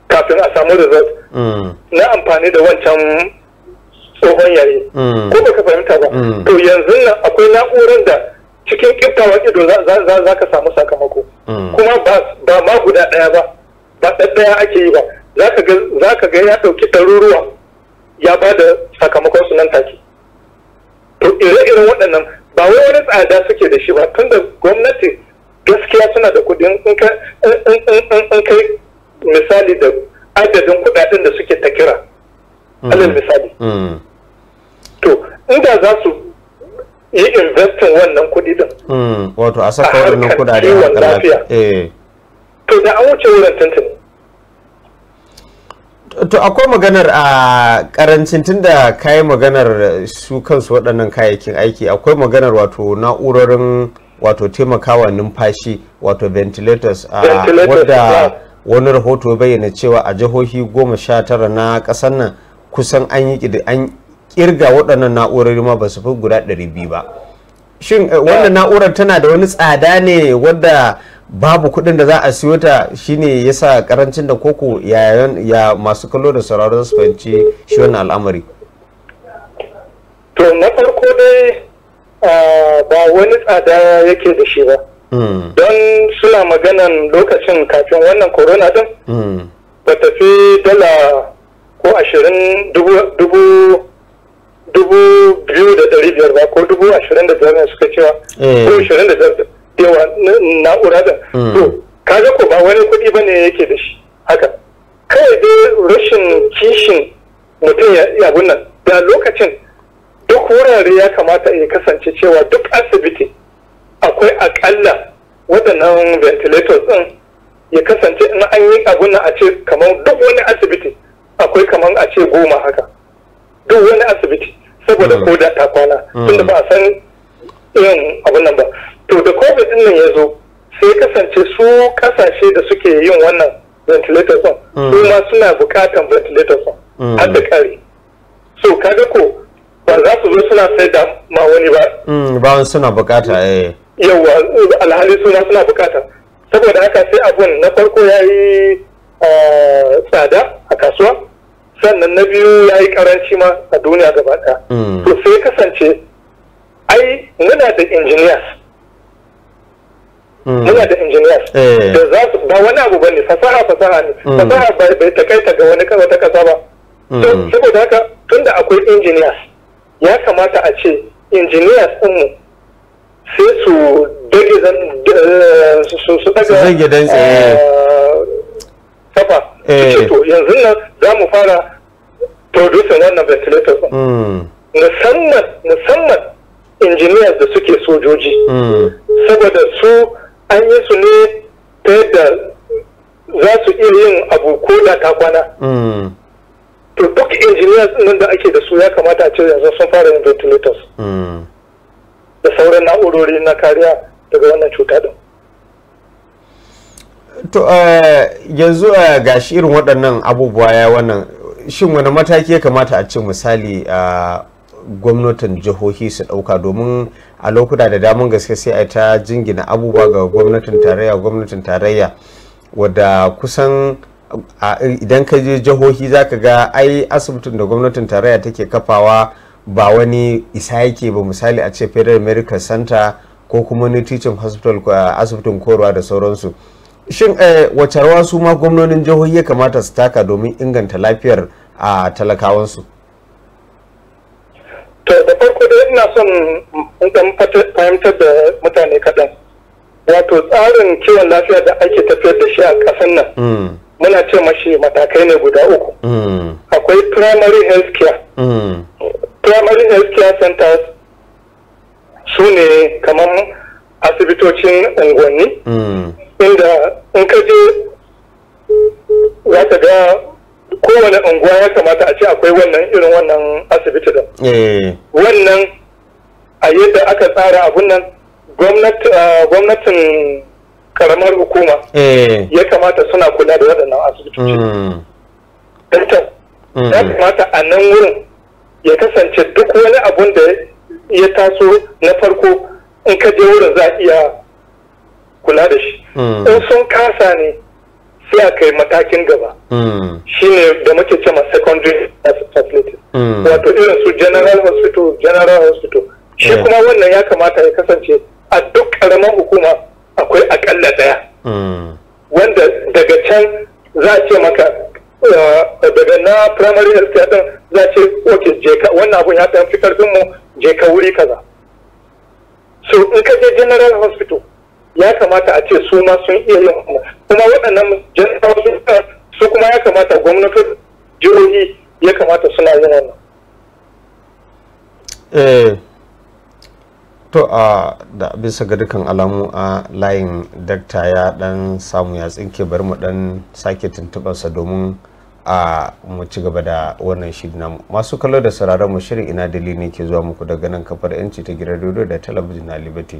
kafin a samu result hmm. na amfani da wancan tsohon yare ko baka fahimta ba to yanzu nan akwai na'urar da cikin kiftawa ido za ka samu sakamako kuma ba ma guda ɗaya ba ba ɗaya ake yi ba za ka ga ya ɗauki ɗaruruwa ya ba da sakamakon su nan take to ire-iren waɗannan ba wai wani tsada suke da shi ba tun da gwamnati gaskiya suna da kuɗi in kai misali da adadin kuɗaɗen da suke ta kira mm. alal misali mm. to inda za su yi investin wannan kuɗi din mm. wato a saka waɗannan kuɗaɗe a lafiya eh. to da an wuce wurin tuntuni to akwai maganar a karancin tunda kayi maganar su kansu waɗannan kayayyakin aiki akwai maganar wato na'urorin wato taimakawa numfashi wato ventilators a wadda wani rahoto bayyana cewa a jihohi goma sha tara na ƙasar nan kusan an yi an kirga waɗannan na'urori ma ba su fi guda ɗari biyu ba shin eh, wannan na'urar tana da wani tsada ne wadda babu kuɗin da za a siyo ta shine yasa karancin da koko ya masu kallo da sauraron su fahimci shi wannan al'amari to na farko dai ba wani tsada yake da shi ba hmm. don suna maganan lokacin kafin wannan corona din hmm. ba ta fi dala ko ashirin dubu biyu da dari biyar ba ko dubu ashirin da biyar suka cewa ko eh. ashirin da biyar yawa na'ura da hmm. to kaga ko ba wani kuɗi bane yake da shi haka Kai dai rashin kishin mutum ya abun nan da lokacin duk wurare ya kamata ya kasance cewa duk asibiti akwai akalla waɗannan ventilators ɗin ya kasance in an yi abun nan a ce kamar duk wani asibiti akwai kamar a ce goma haka duk wani asibiti saboda hmm. ko da ta kwana hmm. tunda ba a san irin abun nan ba to da covid din nan ya zo sai kasance su kasashe da suke yin wannan ventilator son hmm. su ma suna bukatan ventilator son hmm. har da kare so kaga ko ba za su zo suna sai da ma wani ba hmm, ba suna bukata eh yawa alhali suna suna bukata saboda haka sai abun na farko ya yi eh, tsada a kasuwa sannan na biyu ya yi karanci ma a duniya gaba ɗaya to sai kasance ai muna da engineers Mm. muna da engineers eh. da za su ba wani abu bane fasaha fasaha ne mm. fasaha bai takaita ga wani kawai ta kasa ba mm. saboda haka tunda akwai engineers ya kamata a ce engineers ɗinmu sai su dage zan eh, su daga eh, kafa su ce to yanzu nan za mu fara producing wannan ventilators musamman musamman engineers da suke sojoji saboda su an yi su ne ta yadda za su iya yin abu ko da ta kwana hmm. to duk engineers nan da ake da su ya kamata a ce yanzu sun fara yin ventilators hmm. da sauran na'urori na kariya daga wannan cuta din to eh, yanzu eh, ga shi irin waɗannan abubuwa ya wannan shin wani mataki ya kamata a ce misali a ah, gwamnatin jihohi su ɗauka domin a lokuta da damun gaske sai a ta jingina abubuwa ga gwamnatin tarayya gwamnatin tarayya wadda kusan idan ka je jihohi za ka ga ai asibitin da gwamnatin tarayya take kafawa ba wani isa yake ba misali a ce federal medical center ko kuma ni teaching hospital asibitin korwa da sauransu shin eh, wace rawa su ma gwamnonin jihohi ya kamata su taka domin inganta lafiyar a talakawansu to da farko da ina son dan fahimtar da mutane kaɗan wato tsarin kiwon lafiya da ake tafiyar da shi a ƙasar nan mm. muna ce mashi matakai ne guda uku mm. akwai primary health care mm. primary health care centers su ne kamar asibitocin unguwanni inda in ka je za ka ga kowane unguwa ya kamata a ce akwai wannan irin wannan asibiti da eh. wannan a yadda aka tsara abun nan ah, gwamnatin karamar hukuma eh. ya kamata suna kula da waɗannan asibitoci hmm. hmm. ya kamata a nan wurin ya kasance duk wani abun da ya taso na farko in ka je wurin za a iya kula da shi hmm. in sun kasa ne sai a kai matakin gaba hmm. shine da muke cema secondary facilities hmm. wato irin su general hospital general hospital shi kuma wannan ya kamata ya kasance a duk karamar hukuma akwai akalla daya hmm. wanda daga can za a ce maka uh, daga na primary health care din za a ce ok je wannan abun ya fi karfin mu je wuri kaza so in ka je general hospital ya kamata a ce su ma sun iya yin kuma waɗannan jami'ai su kuma ya kamata gwamnatin jihohi ya kamata suna yin wannan eh, to a da bisa ga dukkan alamu a layin dakta ya dan samu ya tsinke bari mu dan sake tuntubarsa domin a mu ci gaba da wannan shiri namu masu kallo da sauraron mu shirin ina dalili ne ke zuwa muku daga nan kafar yanci ta gidan rediyo da talabijin na liberty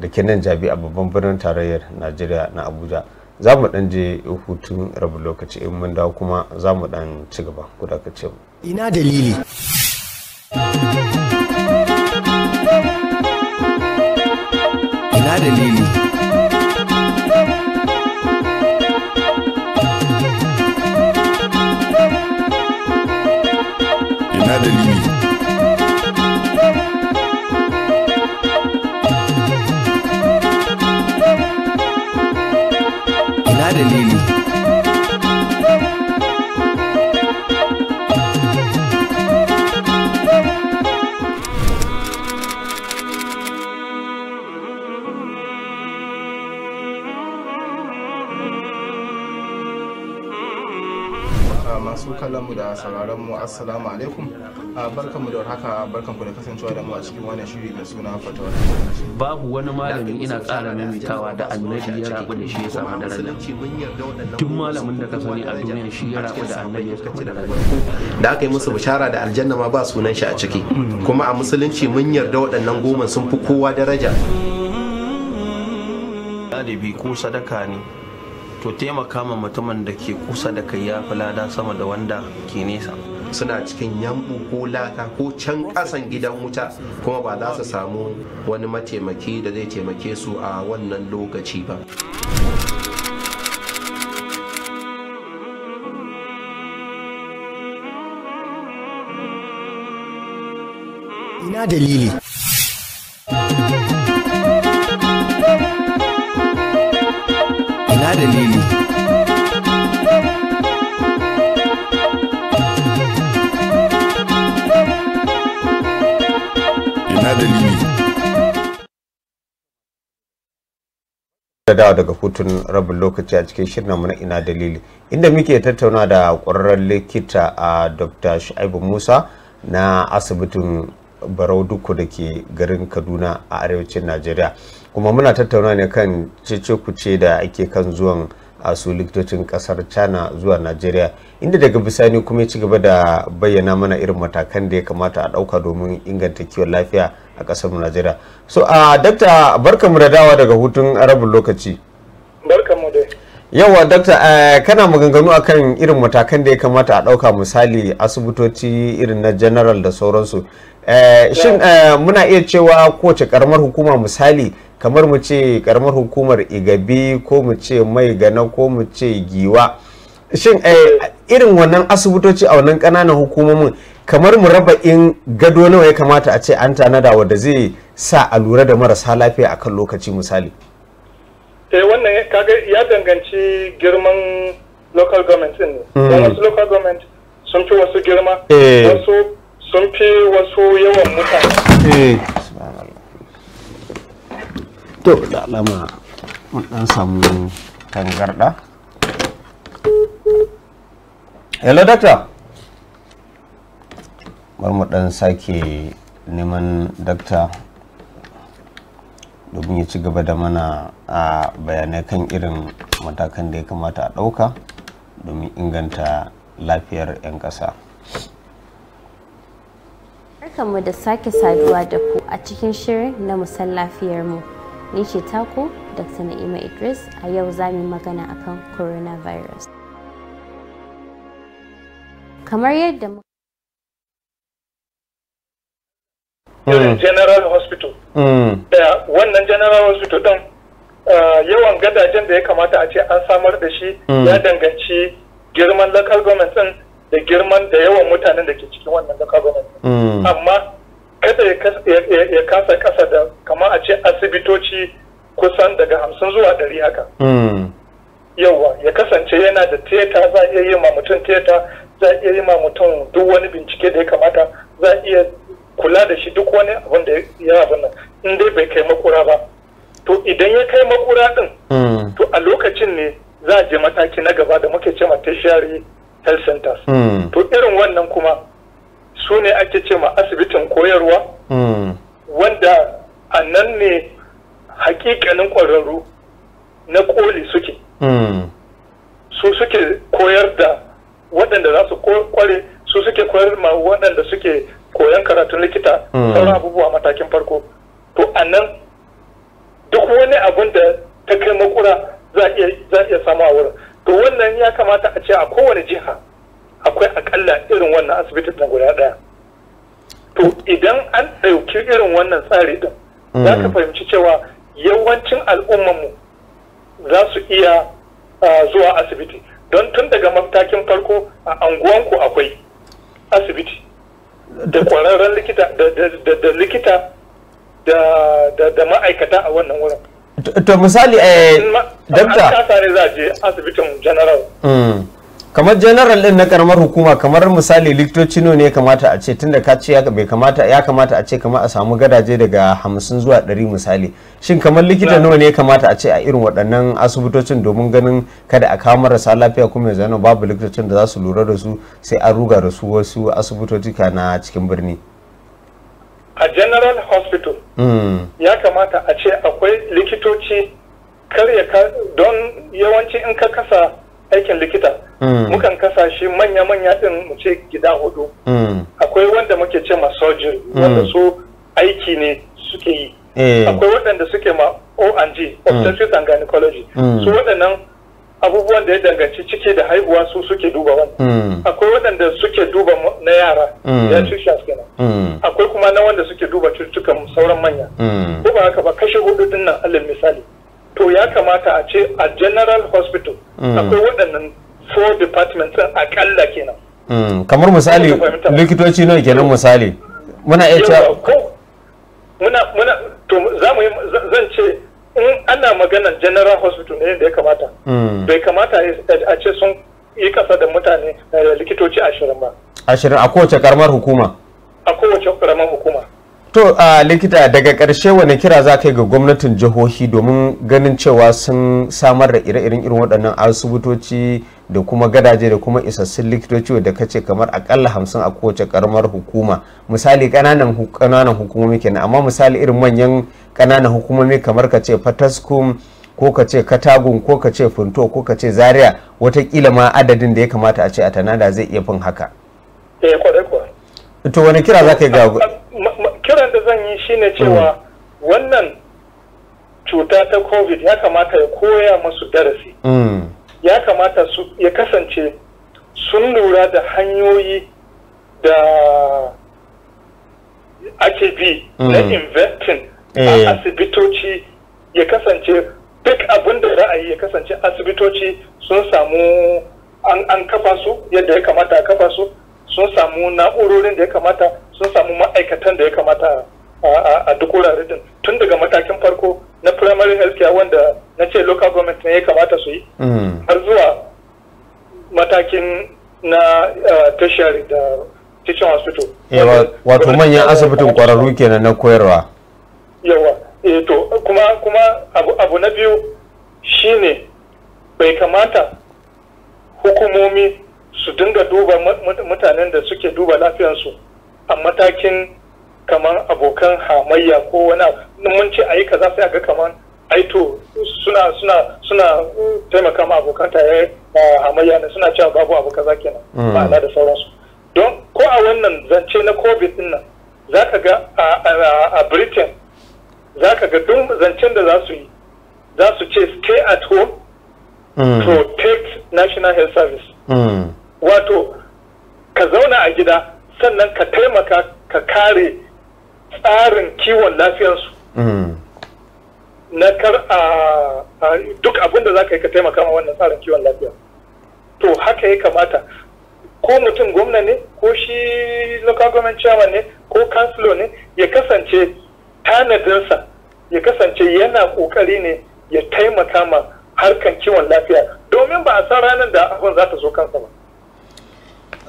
da ke nan jabi a babban birnin tarayyar najeriya na abuja za mu dan je hutun rabu lokaci in mun dawo kuma za mu dan ci gaba ku da ce mu ina dalili ina dalili kallonmu da sauraron mu assalamu alaikum barkan mu da haka barkan ku da kasancewa da mu a cikin wani shiri da suna fatawa babu wani malami ina ƙara maimaitawa da annabi ya rabu da shi ya samu da ranar duk malamin da ka sani a duniya shi ya rabu da annabi ya samu da ranar da aka yi musu bishara da aljanna ma ba sunan shi a ciki kuma a musulunci mun yarda waɗannan goma sun fi kowa daraja ko sadaka ne to taimaka ma mutumin da ke kusa da kai ya fi lada sama da wanda ke nesa suna cikin yambu ko laka ko can kasan gidan wuta kuma ba za su samu wani mataimaki da zai taimake su a wannan lokaci ba ina dalili dalili da dawa daga hutun rabin lokaci a cikin shirin mu na ina dalili inda muke tattauna da ƙwararren likita a dr shaibu musa na asibitin barau duku da ke garin kaduna a arewacin najeriya kuma muna tattauna ne kan cece da ake kan zuwan a su likitocin kasar china zuwa nigeria inda daga bisani kuma ya ci gaba da bayyana mana irin matakan da ya kamata a ɗauka domin inganta kiwon lafiya a kasar nigeria so a uh, dakta barka mu da dawa daga hutun arabin lokaci barka mu dai yawa dakta kana maganganu akan irin matakan da ya kamata a ɗauka misali asibitoci irin na general da sauransu eh, shin eh, muna iya cewa kowace karamar hukuma misali kamar mu ce karamar hukumar igabi ko mu ce mai gana ko mu ce giwa shin eh, irin wannan asibitoci a wannan ƙananan hukumomin kamar mu raba in gado nawa ya kamata a ce an tanada wadda zai sa a lura da marasa lafiya akan lokaci misali eh wannan kaga ya danganci girman local government din ne hmm. wasu local government sun fi wasu girma eh. wasu sun fi wasu yawan mutane eh. to da alama mun dan samu tangarda hello doctor bari mu dan sake neman doctor domin ya ci gaba da mana a bayanai kan irin matakan da ya kamata a ɗauka domin inganta lafiyar 'yan ƙasa. Barkanmu da sake saduwa da ku a cikin shirin na musan lafiyar mu. ni ce taku dr na'ima idris a yau za mu magana akan coronavirus kamar yadda mu hmm. general hospital hmm. wannan general hospital din yawan gadajen da ya kamata a ce an samar da shi hmm. ya danganci girman local government din da girman da yawan mutanen da ke cikin wannan local government amma kada ya kasa kasa da kamar a ce asibitoci kusan daga hamsin zuwa ɗari haka hmm. yawa ya kasance yana da teta za a iya yi ma mutum teta za a iya yi ma mutum duk wani bincike da ya kamata za a iya kula da shi duk wani abin da ya abin nan in dai bai kai makura ba to idan ya kai makura din hmm. to a lokacin ne za a je mataki na gaba da muke ce ma tertiary health centers hmm. to irin wannan kuma su ne ake ce ma asibitin koyarwa hmm. wanda a nan ne hakikanin ƙwararru na koli suke hmm. su suke koyar da waɗanda za su kware su suke koyar ma waɗanda suke koyan karatun likita hmm. sauran abubuwa matakin farko to a nan duk wani abun da ta kai makura za a iya samu a wurin to wannan ya kamata a ce a kowane jiha akwai akalla irin wannan asibitin da guda ɗaya to idan an ɗauki irin wannan tsari ɗin za ka mm. fahimci cewa yawancin al'ummanmu za su iya zuwa asibiti don tun daga matakin farko a anguwanku akwai asibiti da ƙwararren likita da likita da ma'aikata a wannan wurin to misali eh dabta ne za a je asibitin general mm. kamar general din na karamar hukuma kamar misali likitoci nawa ne kamata a ce tunda ka ce ya kamata a ce kamar a samu gadaje daga hamsin zuwa 100 misali shin kamar likita nawa ne kamata a ce a irin waɗannan asibitocin domin ganin kada a kawo marasa lafiya kuma ya zano babu likitocin da za su lura da su sai an ruga da su wasu asibitoci na cikin birni a general hospital hmm. ya kamata a ce akwai likitoci kar ya don yawanci in ka kasa aikin likita hmm. mukan kasashe manya-manya din mu ce gida hudu hmm. akwai wanda muke ce ma surgery wanda hmm. su aiki ne suke yi eh. akwai waɗanda suke ma O&G obstetrics and gynecology su waɗannan abubuwan da ya danganci ciki da haihuwa su suke duba wani akwai waɗanda suke duba na yara ya cututtuka kenan akwai kuma na wanda suke duba cututtukan sauran manya ko ba haka ba kashe hudu dinnan nan misali to ya kamata a ce a general hospital mm. akwai waɗannan four departments akalla kenan mm. kamar misali likitoci nawa kenan misali muna iya cewa muna muna to za mu zan ce in ana maganar general hospital ne da ya kamata mm. bai kamata a ce sun yi kasa da mutane eh, likitoci ashirin ba ashirin a kowace karamar hukuma a kowace karamar hukuma to a likita daga karshe wani kira za ka yi ga gwamnatin jihohi domin ganin cewa sun samar da ire-iren irin waɗannan asibitoci da kuma gadaje da kuma isassun likitoci da ka ce kamar akalla hamsin a kowace karamar hukuma misali kananan kananan hukumomi kenan amma misali irin manyan kananan hukumomi kamar ka ce fataskum ko ka ce katagun ko ka ce funto ko ka ce zaria watakila ma adadin da ya kamata a ce a tanada zai iya fin haka eh, to wani kira za ka yi ga kiran da zan yi shine cewa mm. wannan cuta ta covid ya kamata ya koya masu darasi mm. ya kamata su ya kasance sun lura da hanyoyi da ake bi na mm. investing a asibitoci ya kasance duk abin da ra'ayi ya kasance asibitoci sun samu an kafa su yadda ya kamata a kafa su sun samu na'urorin da ya kamata sun samu ma'aikatan da ya kamata a duk wurare din tun daga matakin farko na primary health care wanda na ce local government ne ya kamata su yi mm. har zuwa matakin na tertiary da teaching hospital eh, wato manyan asibitin kwararru kenan na koyarwa yawa eh to kuma kuma abu na biyu shine bai kamata hukumomi su dinga duba mutanen da suke duba lafiyansu a matakin kamar abokan hamayya ko wani mun ce yi kaza sai a ga kamar aito suna suna suna taimaka ma abokan tare eh, hamayya ne suna cewa babu abu kaza kenan mm. ma'ana da sauransu don ko a wannan zance na covid din nan ka ga a britain Za ka ga duk zancen da za su yi za su ce stay at home mm. protect national health service mm. wato ka zauna a gida sannan ka taimaka ka kare tsarin kiwon lafiyarsu mm. na kar a duk abin za ka yi ka taimaka ma wannan tsarin kiwon lafiya to haka ya kamata ko mutum gwamna ne ko shi local government chairman ne ko kansilo ne ya kasance tanadinsa ya kasance yana kokari ne ya taimaka ma harkan kiwon lafiya domin ba a san ranar da abin za ta zo kansa ba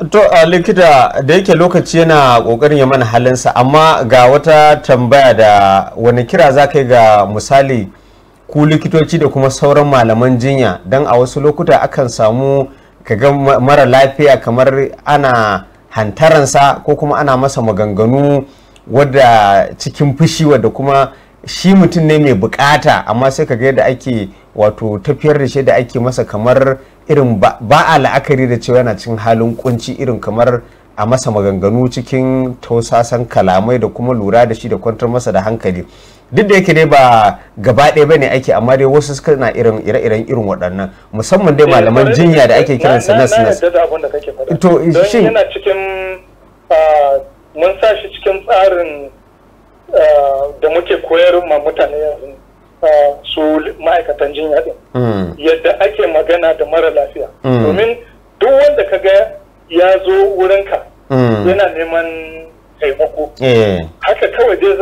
To likita da yake lokaci yana kokarin ya mana halinsa amma ga wata tambaya da wani kira za ka yi ga misali ku likitoci da kuma sauran malaman jinya don a wasu lokuta akan samu kaga mara lafiya kamar ana hantaransa ko kuma ana masa maganganu wadda cikin fushi wadda kuma shi mutum ne mai bukata amma sai kaga yadda ake wato tafiyar da shi da ake masa kamar irin ba a la'akari da cewa yana cin halin kunci irin kamar a masa maganganu cikin tausasan kalamai da kuma lura da shi da kwantar masa da hankali duk da yake dai ba gaba ɗaya ne ake amma dai wasu suka na irin ire-iren irin waɗannan musamman dai eh, malaman jinya da ake kiran sa nas nas to shi yana cikin ah, mun sa shi cikin tsarin ah, da muke koyar ma mutane yanzu su ma'aikatan jinya din hmm. yadda ake magana da mara lafiya hmm. domin duk wanda ka ga ya zo wurinka hmm. yana neman taimako eh. haka kawai dai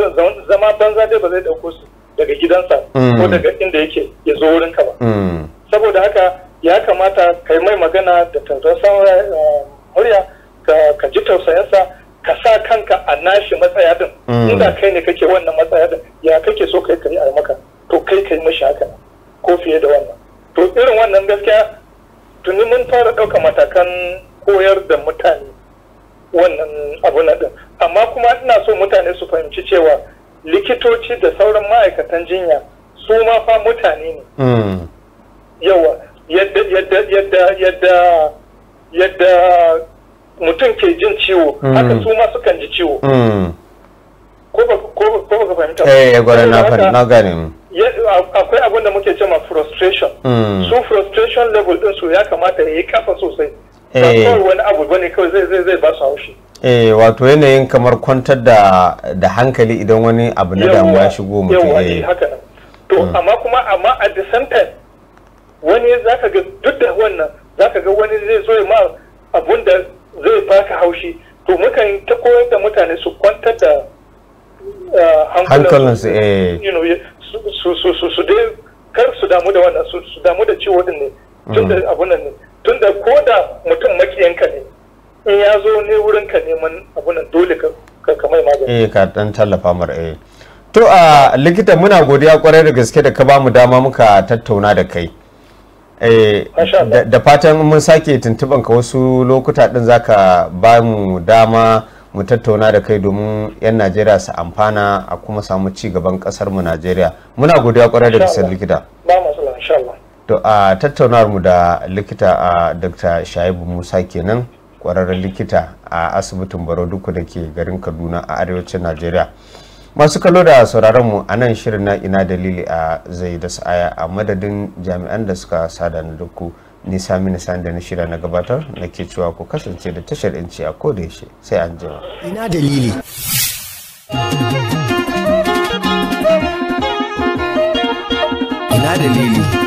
zama banza dai ba zai dauko su daga gidansa ko daga inda yake ya zo wurinka ba saboda haka ya kamata kai mai magana da tausasan eh, murya ka ji tausayinsa ka sa kanka a nashi matsaya din inda kai ne kake wannan matsaya din ya kake so kai ka yi a maka to kai kai mashi haka ko fiye da wannan to irin wannan gaskiya tuni mun fara ɗauka matakan koyar da mutane wannan abu na ɗin amma kuma ina so mutane su fahimci cewa likitoci da sauran ma'aikatan jinya su ma fa mutane ne mm. yawa yadda yadda yadda yadda yadda mutum ke jin ciwo mm. haka su ma sukan ji ciwo mm. ko ba ka fahimta eh, eh gwanin na gani akwai abin da muke cewa frustration hmm. su frustration level din su ya kamata ya yi sosai eh. kawai wani abu bane kawai zai zai ba su haushi eh wato yanayin kamar kwantar da da hankali idan wani abu na damuwa ya shigo mutum eh haka nan to hmm. amma kuma amma at the same time wani zaka ga duk da wannan zaka ga wani zai zo ma abun da zai baka haushi to mukan ta koyar da mutane su kwantar da hankalinsu eh, eh. su dai kar su damu da wannan su damu da ciwo din ne tun da mm. abun nan ne tun da ko da mutum makiyanka ne in ya zo ne wurin ka neman abun nan dole ka mai magani eh ka dan tallafa mar eh to a likita muna godiya kwarai da gaske da ka ba mu dama muka tattauna da kai eh, da fatan mun sake tuntuban ka wasu lokuta din zaka ba mu dama mu tattauna da kai domin 'yan najeriya su amfana a kuma samu ci gaban kasar mu najeriya muna godiya kwarai da bisa likita to a tattaunawar mu da likita a dr shaibu musa kenan kwararren likita a asibitin baro duku da ke garin kaduna a arewacin najeriya masu kallo da sauraron mu a nan shirin na ina dalili a zai da sa'aya a madadin jami'an da suka sada na duku ni sami nisan da na shirya na gabatar ke cewa ku kasance da tashar inci a kodayaushe sai an jima. ina dalili ina dalili